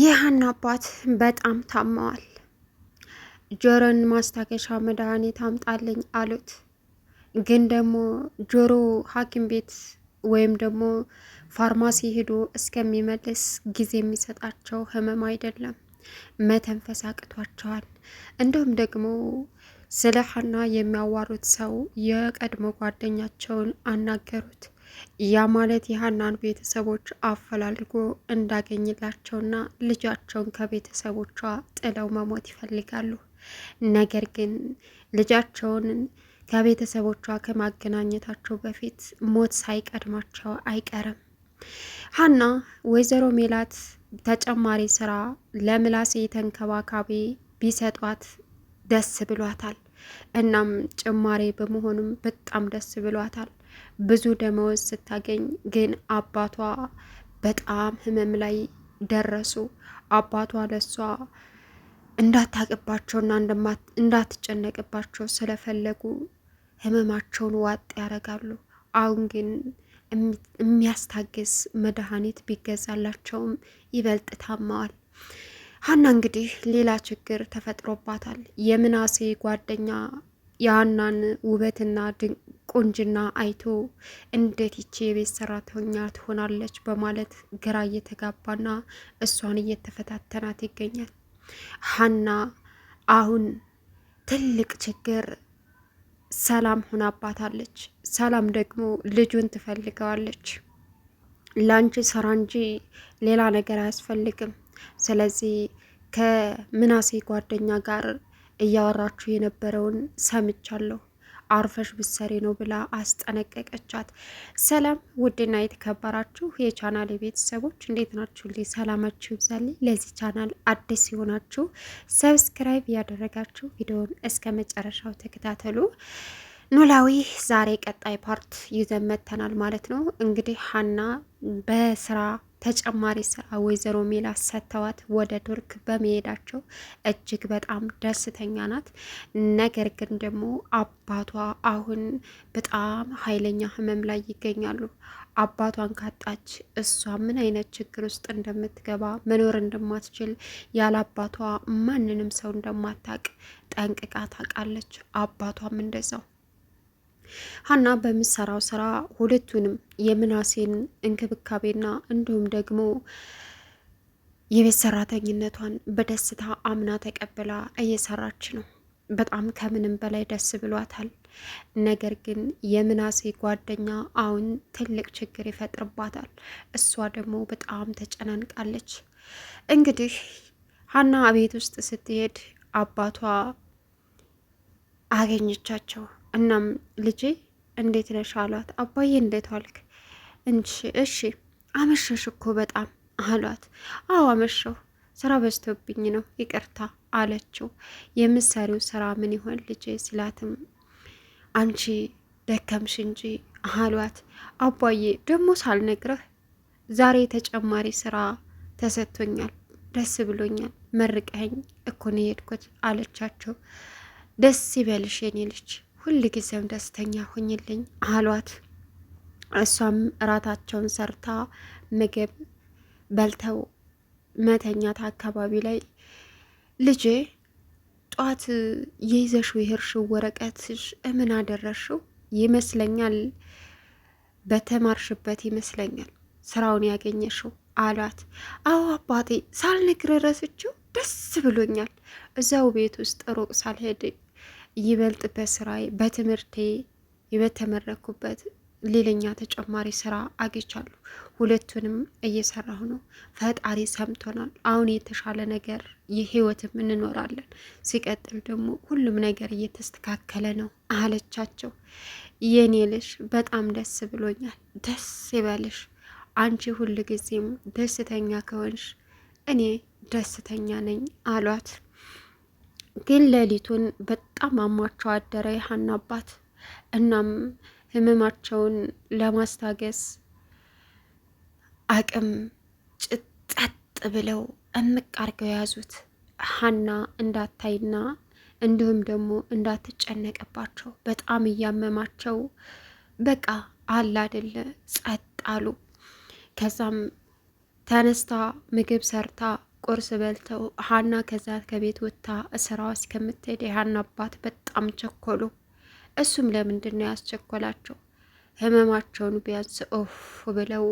የሀና አባት በጣም ታመዋል። ጆሮን ማስታገሻ መድኃኒት አምጣልኝ አሉት። ግን ደግሞ ጆሮ ሐኪም ቤት ወይም ደግሞ ፋርማሲ ሄዶ እስከሚመልስ ጊዜ የሚሰጣቸው ህመም አይደለም። መተንፈስ አቅቷቸዋል። እንዲሁም ደግሞ ስለ ሀና የሚያዋሩት ሰው የቀድሞ ጓደኛቸውን አናገሩት። ያ ማለት የሀናን ቤተሰቦች አፈላልጎ እንዳገኝላቸውና ልጃቸውን ከቤተሰቦቿ ጥለው መሞት ይፈልጋሉ። ነገር ግን ልጃቸውን ከቤተሰቦቿ ከማገናኘታቸው በፊት ሞት ሳይቀድማቸው አይቀርም። ሀና ወይዘሮ ሜላት ተጨማሪ ስራ ለምላሴ ተንከባካቢ ቢሰጧት ደስ ብሏታል። እናም ጭማሬ በመሆኑም በጣም ደስ ብሏታል። ብዙ ደመወዝ ስታገኝ ግን አባቷ በጣም ህመም ላይ ደረሱ። አባቷ ለሷ እንዳታቅባቸውና እንዳትጨነቅባቸው ስለፈለጉ ህመማቸውን ዋጥ ያደርጋሉ። አሁን ግን የሚያስታግስ መድኃኒት ቢገዛላቸውም ይበልጥ ታማዋል። ሀና እንግዲህ ሌላ ችግር ተፈጥሮባታል። የምናሴ ጓደኛ የሀናን ውበትና ቁንጅና አይቶ እንዴት ይቺ የቤት ሰራተኛ ትሆናለች በማለት ግራ እየተጋባና እሷን እየተፈታተናት ይገኛል። ሀና አሁን ትልቅ ችግር ሰላም ሆናባታለች ሰላም ደግሞ ልጁን ትፈልገዋለች። ለአንቺ ስራ እንጂ ሌላ ነገር አያስፈልግም። ስለዚህ ከምናሴ ጓደኛ ጋር እያወራችሁ የነበረውን ሰምቻለሁ። አርፈሽ ብትሰሪ ነው ብላ አስጠነቀቀቻት። ሰላም ውድና የተከበራችሁ የቻናል ቤተሰቦች እንዴት ናችሁ? ልይ ሰላማችሁ ይብዛልኝ። ለዚህ ቻናል አዲስ ሲሆናችሁ ሰብስክራይብ ያደረጋችሁ ቪዲዮን እስከ መጨረሻው ተከታተሉ። ኖላዊ ዛሬ ቀጣይ ፓርት ይዘን መጥተናል ማለት ነው። እንግዲህ ሀና በስራ ተጨማሪ ስራ ወይዘሮ ሜላ ሰጥተዋት ወደ ቱርክ በመሄዳቸው እጅግ በጣም ደስተኛ ናት። ነገር ግን ደግሞ አባቷ አሁን በጣም ኃይለኛ ህመም ላይ ይገኛሉ። አባቷን ካጣች እሷ ምን አይነት ችግር ውስጥ እንደምትገባ መኖር እንደማትችል ያለ አባቷ ማንንም ሰው እንደማታቅ ጠንቅቃ ታውቃለች። አባቷም እንደዛው ሀና በምትሰራው ስራ ሁለቱንም የምናሴን እንክብካቤና እንዲሁም ደግሞ የቤት ሰራተኝነቷን በደስታ አምና ተቀብላ እየሰራች ነው። በጣም ከምንም በላይ ደስ ብሏታል። ነገር ግን የምናሴ ጓደኛ አሁን ትልቅ ችግር ይፈጥርባታል። እሷ ደግሞ በጣም ተጨናንቃለች። እንግዲህ ሀና ቤት ውስጥ ስትሄድ አባቷ አገኘቻቸው። እናም ልጄ እንዴት ነሽ አሏት። አባዬ እንዴት ዋልክ? እንቺ እሺ አመሸሽ እኮ በጣም አሏት። አዎ አመሸሁ፣ ስራ በዝቶብኝ ነው ይቅርታ አለችው። የምሰሪው ስራ ምን ይሆን ልጄ ሲላትም አንቺ ደከምሽ እንጂ አሏት። አባዬ ደግሞ ሳልነግረህ ዛሬ ተጨማሪ ስራ ተሰጥቶኛል፣ ደስ ብሎኛል። መርቀኸኝ እኮ ነው የሄድኩት አለቻቸው። ደስ ይበልሽ የኔ ልጅ ጊዜም ደስተኛ ሁኝልኝ አሏት። እሷም እራታቸውን ሰርታ ምግብ በልተው መተኛት አካባቢ ላይ ልጄ ጧት የይዘሽው የሄድሽው ወረቀትሽ እምን አደረሽው ይመስለኛል፣ በተማርሽበት ይመስለኛል ስራውን ያገኘሽው አሏት። አዎ አባቴ ሳልነግር ረስችው ደስ ብሎኛል። እዛው ቤት ውስጥ ሩቅ ሳልሄድ ይበልጥ በስራዬ በትምህርቴ የበተመረኩበት ሌላኛ ተጨማሪ ስራ አግኝቻለሁ። ሁለቱንም እየሰራሁ ነው። ፈጣሪ ሰምቶናል። አሁን የተሻለ ነገር የህይወትም እንኖራለን። ሲቀጥል ደግሞ ሁሉም ነገር እየተስተካከለ ነው አለቻቸው። የኔ ልሽ በጣም ደስ ብሎኛል። ደስ ይበልሽ። አንቺ ጊዜም ደስተኛ ከሆንሽ እኔ ደስተኛ ነኝ አሏት። ግን ሌሊቱን በጣም አሟቸው አደረ የሀና አባት። እናም ህመማቸውን ለማስታገስ አቅም ጭጠጥ ብለው እምቅ አድርገው የያዙት ሀና እንዳታይና እንዲሁም ደግሞ እንዳትጨነቅባቸው በጣም እያመማቸው በቃ አለ አይደለ ጸጥ አሉ። ከዛም ተነስታ ምግብ ሰርታ ቁርስ በልተው ሀና ከዛ ከቤት ወጥታ ስራ እስከምትሄድ የሀና አባት በጣም ቸኮሉ። እሱም ለምንድን ነው ያስቸኮላቸው? ህመማቸውን ቢያንስ ኦፍ ብለው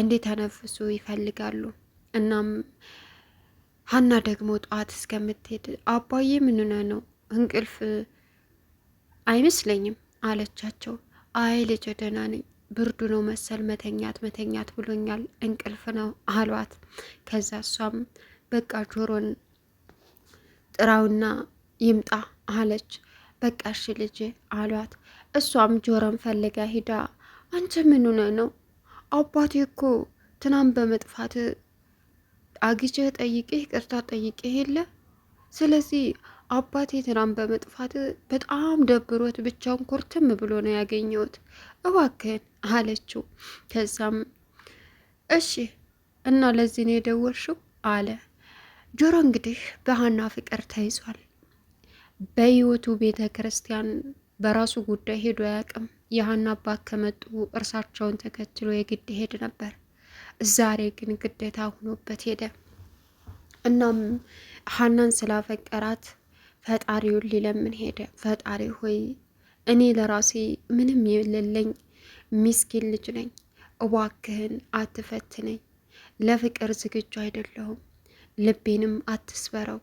እንዲተነፍሱ ይፈልጋሉ። እናም ሀና ደግሞ ጠዋት እስከምትሄድ አባዬ ምንነ ነው እንቅልፍ አይመስለኝም አለቻቸው። አይ ልጅ ደህና ነኝ ብርዱ ነው መሰል መተኛት መተኛት ብሎኛል እንቅልፍ ነው አሏት። ከዛ እሷም በቃ ጆሮን ጥራውና ይምጣ አለች። በቃ እሺ ልጅ አሏት። እሷም ጆሮን ፈልጋ ሂዳ አንተ ምን ሆነ ነው አባቴ እኮ ትናም በመጥፋት አግቼ ጠይቄ ቅርታ ጠይቄ የለ ስለዚህ አባቴ ትናም በመጥፋት በጣም ደብሮት ብቻውን ኮርትም ብሎ ነው ያገኘሁት። እባክህን አለችው። ከዛም እሺ እና ለዚህ ነው የደወልሽው አለ ጆሮ። እንግዲህ በሀና ፍቅር ተይዟል። በህይወቱ ቤተ ክርስቲያን በራሱ ጉዳይ ሄዶ አያውቅም። የሀና አባት ከመጡ እርሳቸውን ተከትሎ የግድ ሄድ ነበር። ዛሬ ግን ግዴታ ሆኖበት ሄደ። እናም ሀናን ስላፈቀራት ፈጣሪውን ሊለምን ሄደ። ፈጣሪ ሆይ እኔ ለራሴ ምንም የሌለኝ ሚስኪን ልጅ ነኝ፣ እባክህን አትፈትነኝ፣ ለፍቅር ዝግጁ አይደለሁም፣ ልቤንም አትስበረው፣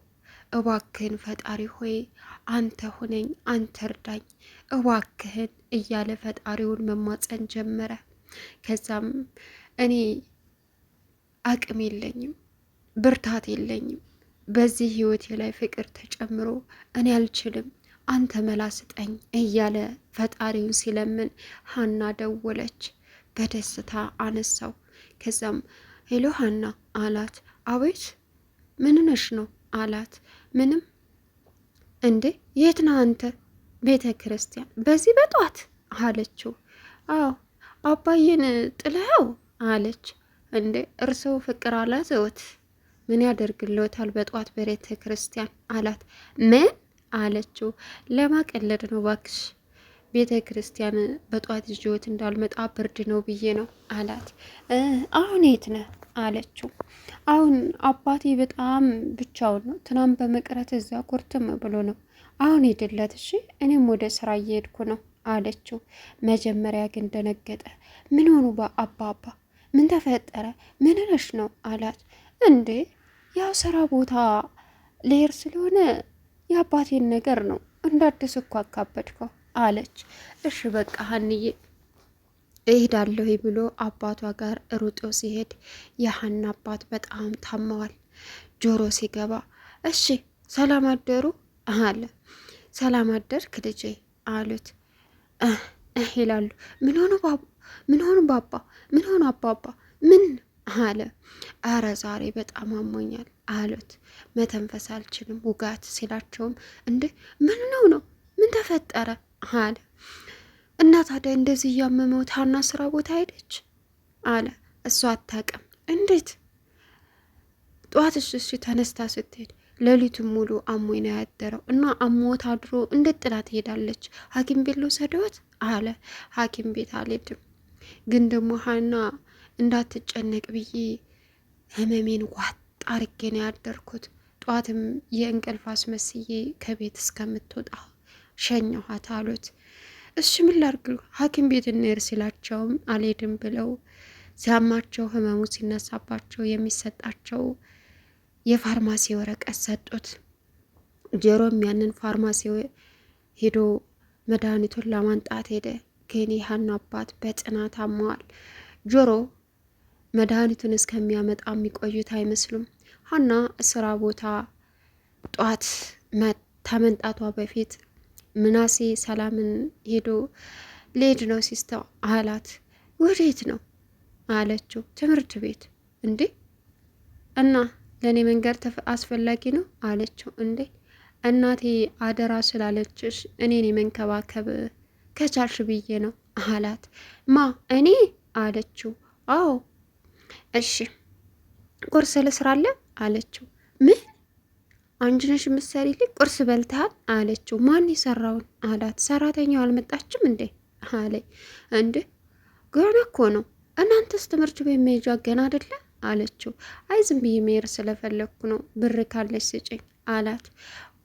እባክህን ፈጣሪ ሆይ አንተ ሁነኝ፣ አንተ እርዳኝ፣ እባክህን እያለ ፈጣሪውን መማፀን ጀመረ። ከዛም እኔ አቅም የለኝም፣ ብርታት የለኝም፣ በዚህ ህይወቴ ላይ ፍቅር ተጨምሮ እኔ አልችልም አንተ መላ ስጠኝ እያለ ፈጣሪውን ሲለምን ሀና ደወለች። በደስታ አነሳው። ከዛም ሄሎ ሀና አላት። አቤት ምንነሽ ነው አላት። ምንም እንዴ የት ነህ አንተ? ቤተ ክርስቲያን በዚህ በጧት አለችው። አዎ አባዬን ጥለኸው አለች። እንዴ እርስዎ ፍቅር አላዘወት ምን ያደርግልዎታል በጧት በቤተ ክርስቲያን አላት። ምን አለችው። ለማቀለድ ነው ባክሽ ቤተ ክርስቲያን በጠዋት ይዤዎት እንዳልመጣ ብርድ ነው ብዬ ነው አላት። አሁን የት ነህ አለችው። አሁን አባቴ በጣም ብቻውን ነው። ትናንት በመቅረት እዛ ኩርትም ብሎ ነው። አሁን ሂድለት እሺ፣ እኔም ወደ ስራ እየሄድኩ ነው አለችው። መጀመሪያ ግን ደነገጠ። ምን ሆኑ አባባ ምን ተፈጠረ? ምን ነው አላት። እንዴ ያው ስራ ቦታ ሌር ስለሆነ የአባቴን ነገር ነው እንዳዲስ እኮ አካበድከው አለች። እሺ በቃ ሀንዬ እሄዳለሁ ብሎ አባቷ ጋር ሩጦ ሲሄድ የሀና አባት በጣም ታመዋል። ጆሮ ሲገባ እሺ ሰላም አደሩ አለ። ሰላም አደርክ ልጄ አሉት። ይላሉ ምን ሆኑ ባባ ምን ሆኑ አባባ ምን አለ። አረ ዛሬ በጣም አሞኛል አሉት። መተንፈስ አልችልም ውጋት ሲላቸውም እንዴ ምን ነው ነው ምን ተፈጠረ አለ። እና ታዲያ እንደዚህ እያመመው ታና ስራ ቦታ ሄደች አለ። እሷ አታውቅም። እንዴት ጠዋት እሱ ተነስታ ስትሄድ ሌሊቱን ሙሉ አሞ ነው ያደረው እና አሞት አድሮ እንዴት ጥላ ትሄዳለች ሀኪም ቤት ልውሰደዎት አለ። ሀኪም ቤት አልሄድም ግን ደግሞ ሀና እንዳትጨነቅ ብዬ ህመሜን ዋጥ አርጌ ነው ያደርኩት። ጠዋትም የእንቅልፍ አስመስዬ ከቤት እስከምትወጣ ሸኘኋት አሉት። እሺ ምን ላርግ ሐኪም ቤት እንሄድ ሲላቸውም አልሄድም ብለው ሲያማቸው ህመሙ ሲነሳባቸው የሚሰጣቸው የፋርማሲ ወረቀት ሰጡት። ጀሮም ያንን ፋርማሲ ሄዶ መድኃኒቱን ለማንጣት ሄደ። ግን ይህን አባት በጥናት አመዋል። ጆሮ መድኃኒቱን እስከሚያመጣ የሚቆዩት አይመስሉም። ሀና ስራ ቦታ ጧት ከመንጣቷ በፊት ምናሴ ሰላምን ሄዶ ሌድ ነው ሲስተው አላት። ወዴት ነው አለችው። ትምህርት ቤት እንዴ እና ለእኔ መንገድ አስፈላጊ ነው አለችው። እንዴ እናቴ አደራ ስላለችሽ እኔን የመንከባከብ ከቻልሽ ብዬ ነው አላት። ማ እኔ አለችው። አዎ እሺ ቁርስ ልስራለን አለችው። ምን አንቺ ነሽ ምሰሪ ቁርስ በልተሃል አለችው። ማን የሰራውን አላት። ሰራተኛው አልመጣችም እንዴ አለኝ። እንዴ ገና እኮ ነው እናንተስ ትምህርት ቤት መሄጃ ገና አይደለ አለችው። አይ ዝም ብዬ መሄድ ስለፈለግኩ ነው ብር ካለች ስጭኝ አላት።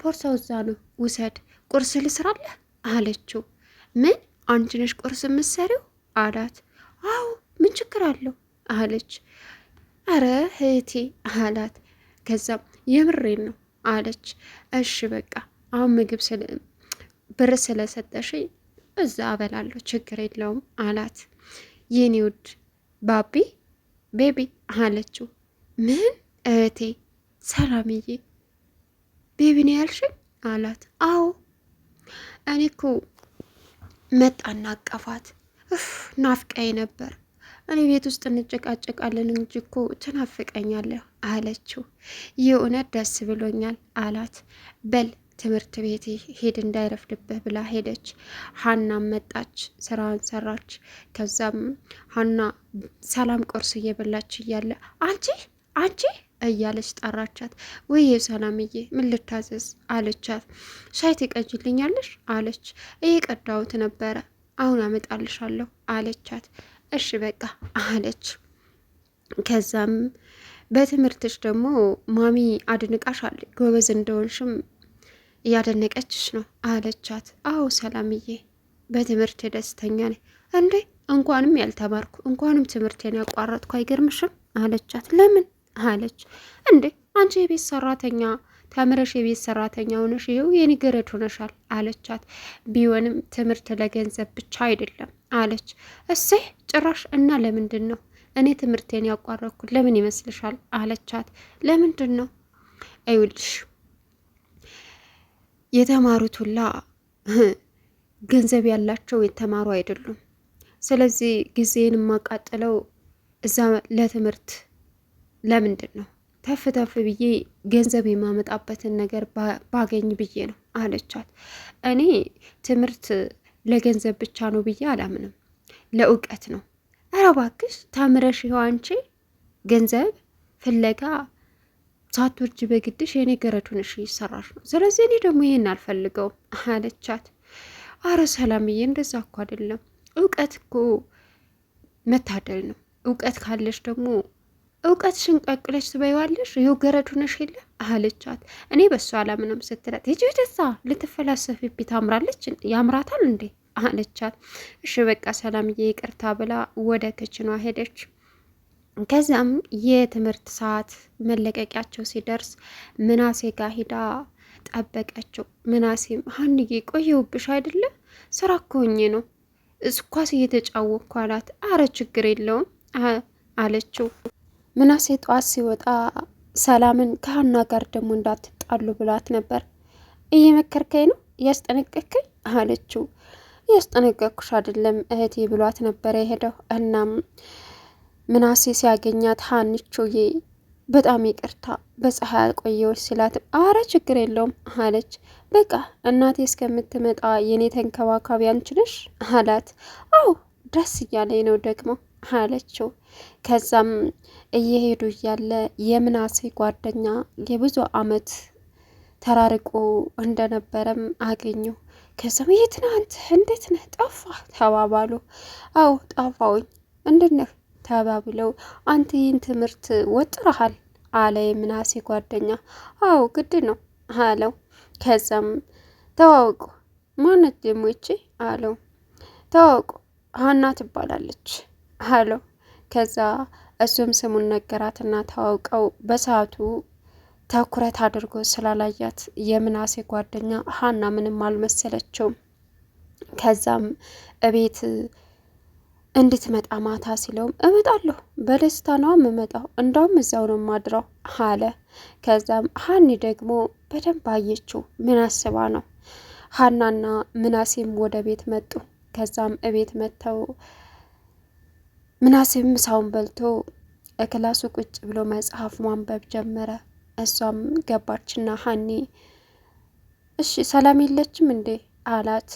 ቦርሳው እዛ ነው ውሰድ፣ ቁርስ ልስራለህ አለችው። ምን አንቺ ነሽ ቁርስ ምሰሪው አላት። አዎ ምን ችግር አለው አለች። አረ እህቴ አላት። ከዛም የምሬን ነው አለች። እሺ በቃ አሁን ምግብ ብር ስለሰጠሽ እዛ አበላለሁ ችግር የለውም አላት። የኔ ውድ ባቢ ቤቢ አለችው። ምን እህቴ ሰላምዬ ቤቢ ነው ያልሽኝ አላት። አዎ እኔ እኮ መጣና አቀፋት። ናፍቃዬ ነበር እኔ ቤት ውስጥ እንጨቃጨቃለን እንጂ እኮ ትናፍቀኛለህ አለችው። የእውነት ደስ ብሎኛል አላት። በል ትምህርት ቤት ሄድ እንዳይረፍድብህ ብላ ሄደች። ሀናም መጣች፣ ስራዋን ሰራች። ከዛም ሀና ሰላም ቁርስ እየበላች እያለ አንቺ አንቺ እያለች ጠራቻት። ወይ ሰላምዬ ምን ልታዘዝ አለቻት። ሻይ ትቀጅልኛለሽ አለች። እየቀዳሁት ነበረ አሁን አመጣልሻለሁ አለቻት። እሺ በቃ አለች። ከዛም በትምህርትሽ ደግሞ ማሚ አድንቃሻል ጎበዝ እንደሆንሽም እያደነቀችሽ ነው አለቻት። አዎ ሰላምዬ፣ በትምህርት ደስተኛ ነኝ። እንዴ እንኳንም ያልተማርኩ እንኳንም ትምህርቴን ያቋረጥኩ አይገርምሽም? አለቻት። ለምን አለች። እንዴ አንቺ የቤት ሰራተኛ ተምረሽ የቤት ሰራተኛ ሆነሽ ይኸው የንገረድ ሆነሻል አለቻት። ቢሆንም ትምህርት ለገንዘብ ብቻ አይደለም አለች። እሰይ ጭራሽ እና ለምንድን ነው እኔ ትምህርቴን ያቋረኩት ለምን ይመስልሻል? አለቻት። ለምንድን ነው አይውልሽ የተማሩት ሁላ ገንዘብ ያላቸው የተማሩ አይደሉም። ስለዚህ ጊዜን የማቃጥለው እዛ ለትምህርት ለምንድን ነው ተፍ ተፍ ብዬ ገንዘብ የማመጣበትን ነገር ባገኝ ብዬ ነው አለቻት። እኔ ትምህርት ለገንዘብ ብቻ ነው ብዬ አላምንም። ለእውቀት ነው። ኧረ እባክሽ ተምረሽ ይኸው አንቺ ገንዘብ ፍለጋ ሳትወርጅ በግድሽ የኔ ገረዱንሽ ይሰራሽ ነው። ስለዚህ እኔ ደግሞ ይሄን አልፈልገውም አለቻት። አረ ሰላምዬ፣ እንደዛ እኮ አይደለም። እውቀት እኮ መታደል ነው። እውቀት ካለሽ ደግሞ እውቀት ሽንቀቅለች ትበይዋለሽ ይኸው ገረድ ሆነሽ የለ አለቻት። እኔ በሷ አላምንም ስትላት ሂጂ ወደዛ ልትፈላሰፊብኝ ታምራለች ያምራታል እንዴ አለቻት። እሺ በቃ ሰላምዬ ይቅርታ ብላ ወደ ክችኗ ሄደች። ከዚያም የትምህርት ሰዓት መለቀቂያቸው ሲደርስ ምናሴ ጋር ሂዳ ጠበቀችው። ምናሴም ሀንዬ ቆየውብሽ አይደለም ስራ እኮ ሆኜ ነው እስኳስ እየተጫወትኩ አላት። አረ ችግር የለውም አለችው። ምናሴ ጠዋት ሲወጣ ሰላምን ከሀና ጋር ደግሞ እንዳትጣሉ ብላት ነበር። እየመከርከኝ ነው እያስጠነቀክኝ? አለችው። እያስጠነቀኩሽ አይደለም እህቴ ብሏት ነበር የሄደው። እናም ምናሴ ሲያገኛት ሀንቾዬ በጣም ይቅርታ በፀሐይ አልቆየዎች ሲላትም አረ ችግር የለውም አለች። በቃ እናቴ እስከምትመጣ የኔ ተንከባካቢ አንችለሽ አላት። አዎ ደስ እያለኝ ነው ደግሞ አለችው። ከዛም እየሄዱ እያለ የምናሴ ጓደኛ የብዙ አመት ተራርቆ እንደነበረም አገኙ። ከዛም የት ነህ አንተ? እንዴት ነህ? ጠፋ ተባባሉ። አው ጠፋውኝ፣ እንድነህ ተባብለው፣ አንተ ይህን ትምህርት ወጥረሃል አለ የምናሴ ጓደኛ። አው ግድ ነው አለው። ከዛም ተዋውቁ፣ ማነት ደሞቼ አለው። ተዋውቁ ሀና ትባላለች አለው። ከዛ እሱም ስሙን ነገራትና ተዋውቀው በሰዓቱ ትኩረት አድርጎ ስላላያት የምናሴ ጓደኛ ሀና ምንም አልመሰለችውም። ከዛም እቤት እንድትመጣ ማታ ሲለውም እመጣለሁ፣ በደስታ ነው የምመጣው፣ እንዳውም እዛው ነው ማድረው አለ። ከዛም ሀኒ ደግሞ በደንብ አየችው ምን አስባ ነው። ሀናና ምናሴም ወደ ቤት መጡ። ከዛም እቤት መጥተው ምናሴም ምሳውን በልቶ እክላሱ ቁጭ ብሎ መጽሐፍ ማንበብ ጀመረ። እሷም ገባችና ሀኒ እሺ ሰላም የለችም እንዴ አላት።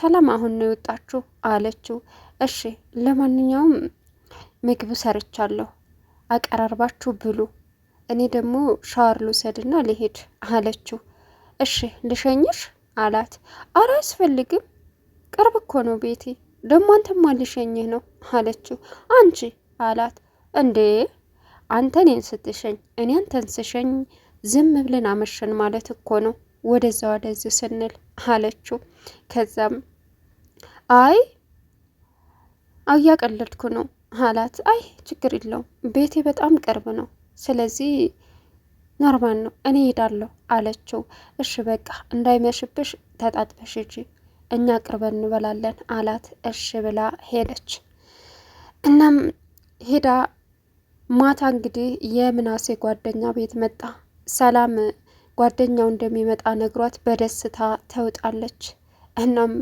ሰላም አሁን ነው የወጣችሁ አለችው። እሺ ለማንኛውም ምግብ ሰርቻለሁ አቀራርባችሁ ብሉ፣ እኔ ደግሞ ሻወር ልውሰድና ልሄድ አለችው። እሺ ልሸኝሽ አላት። አረ አያስፈልግም ቅርብ እኮ ነው ቤቴ ደግሞ አንተማ ልሸኝህ ነው አለችው። አንቺ አላት። እንዴ አንተ እኔን ስትሸኝ እኔ አንተን ስሸኝ ዝም ብለን አመሸን ማለት እኮ ነው ወደዛ ወደዚህ ስንል አለችው። ከዛም አይ እያቀለድኩ ነው አላት። አይ ችግር የለውም ቤቴ በጣም ቅርብ ነው፣ ስለዚህ ኖርማል ነው እኔ ሄዳለሁ አለችው። እሺ በቃ እንዳይመሽብሽ ተጣጥበሽ እጂ እኛ ቅርበን እንበላለን አላት። እሺ ብላ ሄደች። እናም ሄዳ ማታ እንግዲህ የምናሴ ጓደኛ ቤት መጣ። ሰላም ጓደኛው እንደሚመጣ ነግሯት በደስታ ተውጣለች። እናም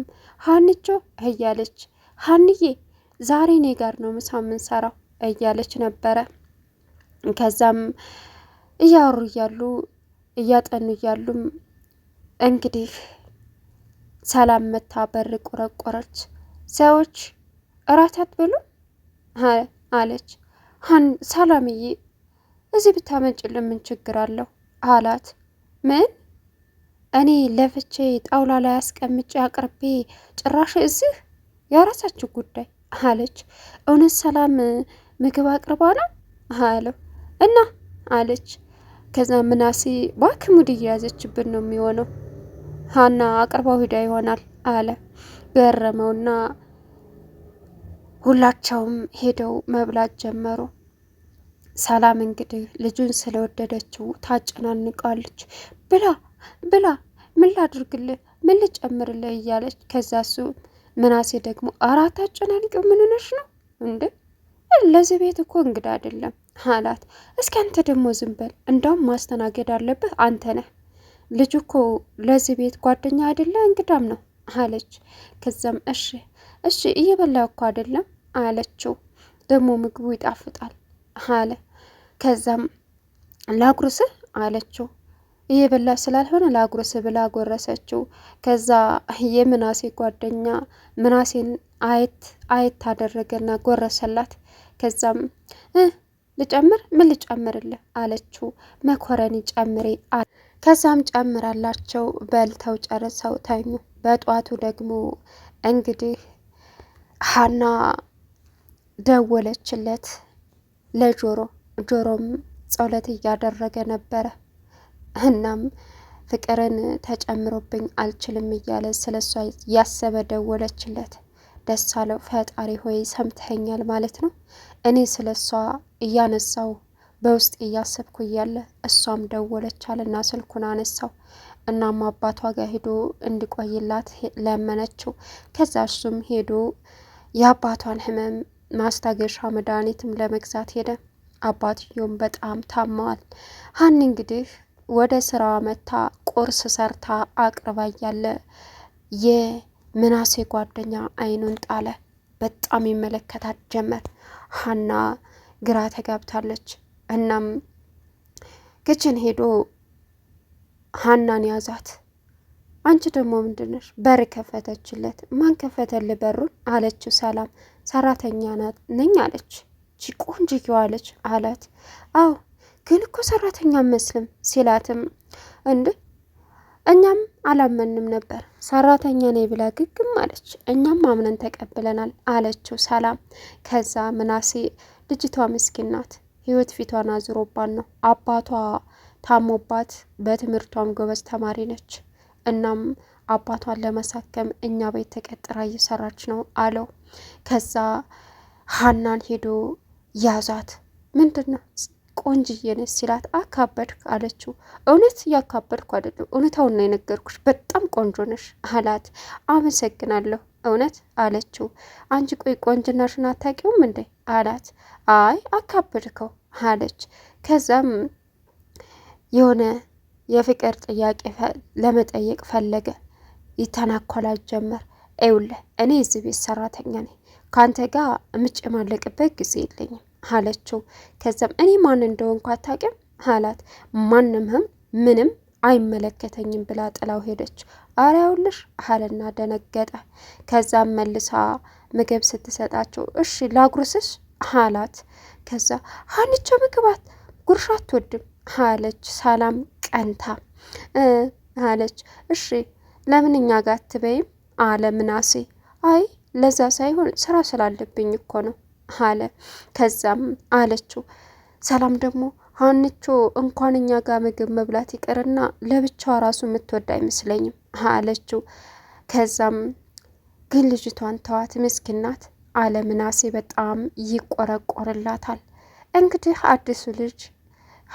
ሀንቾ እያለች ሀንዬ ዛሬ እኔ ጋር ነው ምሳ የምንሰራው እያለች ነበረ። ከዛም እያወሩ እያሉ እያጠኑ እያሉም እንግዲህ ሰላም መታ በር ቆረቆረች። ሰዎች እራት አትበሉም አለች። ሰላምዬ እዚህ ብታመጭልን ምን ችግር አለው አላት። ምን እኔ ለፍቼ ጣውላ ላይ አስቀምጬ አቅርቤ ጭራሽ እዚህ የራሳችሁ ጉዳይ አለች። እውነት ሰላም ምግብ አቅርባ ነው አለው እና አለች። ከዛ ምናሴ ባክሙድ እየያዘችብን ነው የሚሆነው ሀና አቅርባው ሂዳ ይሆናል አለ ገረመውና ሁላቸውም ሄደው መብላት ጀመሩ። ሰላም እንግዲህ ልጁን ስለወደደችው ታጨናንቃለች። ብላ ብላ ምን ላድርግልህ ምን ልጨምርልህ እያለች ከዛ እሱ ምናሴ ደግሞ አራት አጨናንቂው ምን ሆነሽ ነው እንዴ? ለዚህ ቤት እኮ እንግዳ አይደለም አላት። እስኪ አንተ ደግሞ ዝም በል፣ እንዳውም ማስተናገድ አለብህ አንተ ነህ ልጅ እኮ ለዚህ ቤት ጓደኛ አይደለ እንግዳም ነው አለች። ከዛም እሺ እሺ እየበላ እኮ አይደለም አለችው። ደግሞ ምግቡ ይጣፍጣል አለ። ከዛም ላጉርስህ አለችው። እየበላ ስላልሆነ ላጉርስ ብላ ጎረሰችው። ከዛ የምናሴ ጓደኛ ምናሴን አየት አየት ታደረገና ጎረሰላት። ከዛም ልጨምር ምን ልጨምርልህ አለችው። መኮረኒ ጨምሬ ከዛም ጨምራላቸው በልተው ጨርሰው ተኙ። በጧቱ ደግሞ እንግዲህ ሀና ደወለችለት ለጆሮ። ጆሮም ጸሎት እያደረገ ነበረ። እናም ፍቅርን ተጨምሮብኝ አልችልም እያለ ስለ እሷ ያሰበ ደወለችለት። ደስ አለው። ፈጣሪ ሆይ ሰምተኛል ማለት ነው። እኔ ስለ እሷ እያነሳው በውስጥ እያሰብኩ እያለ እሷም ደወለች አለና ስልኩን አነሳው። እናም አባቷ ጋር ሄዶ እንዲቆይላት ለመነችው። ከዛ እሱም ሄዶ የአባቷን ህመም ማስታገሻ መድኃኒትም ለመግዛት ሄደ። አባትዮም በጣም ታመዋል። ሀኒ እንግዲህ ወደ ስራ መታ ቁርስ ሰርታ አቅርባ እያለ የምናሴ ጓደኛ አይኑን ጣለ። በጣም ይመለከታት ጀመር። ሀና ግራ ተጋብታለች። እናም ክችን ሄዶ ሀናን ያዛት። አንቺ ደግሞ ምንድነሽ? በር ከፈተችለት። ማን ከፈተልህ በሩን አለችው። ሰላም ሰራተኛ ናት ነኝ አለች። ቆንጅዬዋ አለች አላት። አዎ ግን እኮ ሰራተኛ መስልም ሲላትም እንዴ እኛም አላመንም ነበር ሰራተኛ ነኝ ብላ ግግም አለች። እኛም አምነን ተቀብለናል አለችው ሰላም። ከዛ ምናሴ ልጅቷ ምስኪን ናት ህይወት ፊቷን አዝሮባን ነው። አባቷ ታሞባት በትምህርቷም ጎበዝ ተማሪ ነች። እናም አባቷን ለማሳከም እኛ ቤት ተቀጥራ እየሰራች ነው አለው። ከዛ ሀናን ሄዶ ያዛት ምንድን ነው ቆንጅዬ ነች ሲላት አካበድክ አለችው። እውነት እያካበድኩ አይደለም፣ እውነታውን ነው የነገርኩሽ። በጣም ቆንጆ ነሽ አላት። አመሰግናለሁ እውነት አለችው። አንቺ ቆይ ቆንጅናሽን አታውቂውም እንዴ አላት። አይ አካበድከው አለች። ከዛም የሆነ የፍቅር ጥያቄ ለመጠየቅ ፈለገ። ይተናኮላል ጀመር። ይኸውልህ እኔ እዚህ ቤት ሰራተኛ ነኝ፣ ከአንተ ጋር የምጨማለቅበት ጊዜ የለኝም አለችው። ከዛም እኔ ማን እንደሆንኩ አታውቂም አላት። ማንምህም ምንም አይመለከተኝም ብላ ጥላው ሄደች። አሪያውልሽ አለና ደነገጠ። ከዛም መልሳ ምግብ ስትሰጣቸው እሺ ላጉርስሽ አላት። ከዛ ሀኒቾ ምግባት ጉርሻ አትወድም አለች። ሰላም ቀንታ አለች። እሺ ለምን እኛ ጋር አትበይም አለ ምናሴ። አይ ለዛ ሳይሆን ስራ ስላለብኝ እኮ ነው አለ። ከዛም አለችው ሰላም ደግሞ ሀንቾ እንኳን እኛ ጋር ምግብ መብላት ይቅርና ለብቻዋ ራሱ የምትወድ አይመስለኝም አለችው። ከዛም ግን ልጅቷን ተዋት ምስኪናት አለ ምናሴ። በጣም ይቆረቆርላታል። እንግዲህ አዲሱ ልጅ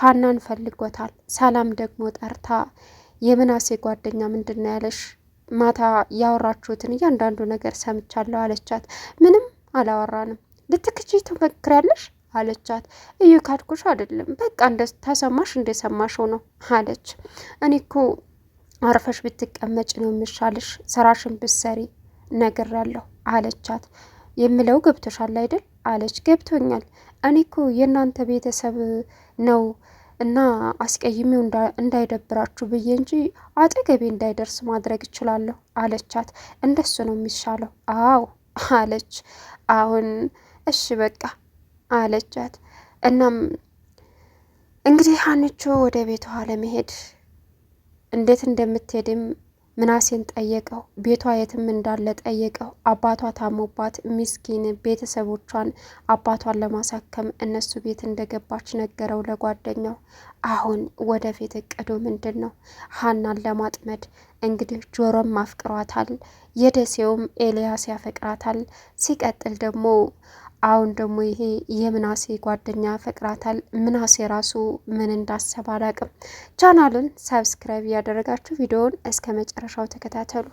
ሀናን ፈልጎታል። ሰላም ደግሞ ጠርታ የምናሴ ጓደኛ ምንድን ነው ያለሽ? ማታ ያወራችሁትን እያንዳንዱ ነገር ሰምቻለሁ አለቻት። ምንም አላወራንም። ልትክጂ ትመክሪያለሽ አለቻት። እዩ ካድኩሽ አይደለም በቃ ተሰማሽ እንደሰማሽው ነው አለች። እኔ እኮ አርፈሽ ብትቀመጭ ነው የምሻልሽ፣ ስራሽን ብትሰሪ ያለሁ አለቻት። የምለው ገብቶሻል አይደል አለች። ገብቶኛል። እኔ እኮ የእናንተ ቤተሰብ ነው እና አስቀይሜው እንዳይደብራችሁ ብዬ እንጂ አጠገቤ እንዳይደርስ ማድረግ እችላለሁ አለቻት። እንደሱ ነው የሚሻለው። አዎ አለች። አሁን እሺ በቃ አለቻት። እናም እንግዲህ ሀንቾ ወደ ቤቷ ለመሄድ እንዴት እንደምትሄድም ምናሴን ጠየቀው። ቤቷ የትም እንዳለ ጠየቀው። አባቷ ታሞባት ሚስኪን ቤተሰቦቿን አባቷን ለማሳከም እነሱ ቤት እንደገባች ነገረው ለጓደኛው። አሁን ወደፊት እቅዱ ምንድን ነው? ሀናን ለማጥመድ እንግዲህ ጆሮም አፍቅሯታል፣ የደሴውም ኤልያስ ያፈቅራታል። ሲቀጥል ደግሞ አሁን ደግሞ ይሄ የምናሴ ጓደኛ ፈቅራታል። ምናሴ ራሱ ምን እንዳሰበ አላቅም። ቻናሉን ሰብስክራይብ እያደረጋችሁ ቪዲዮውን እስከ መጨረሻው ተከታተሉ።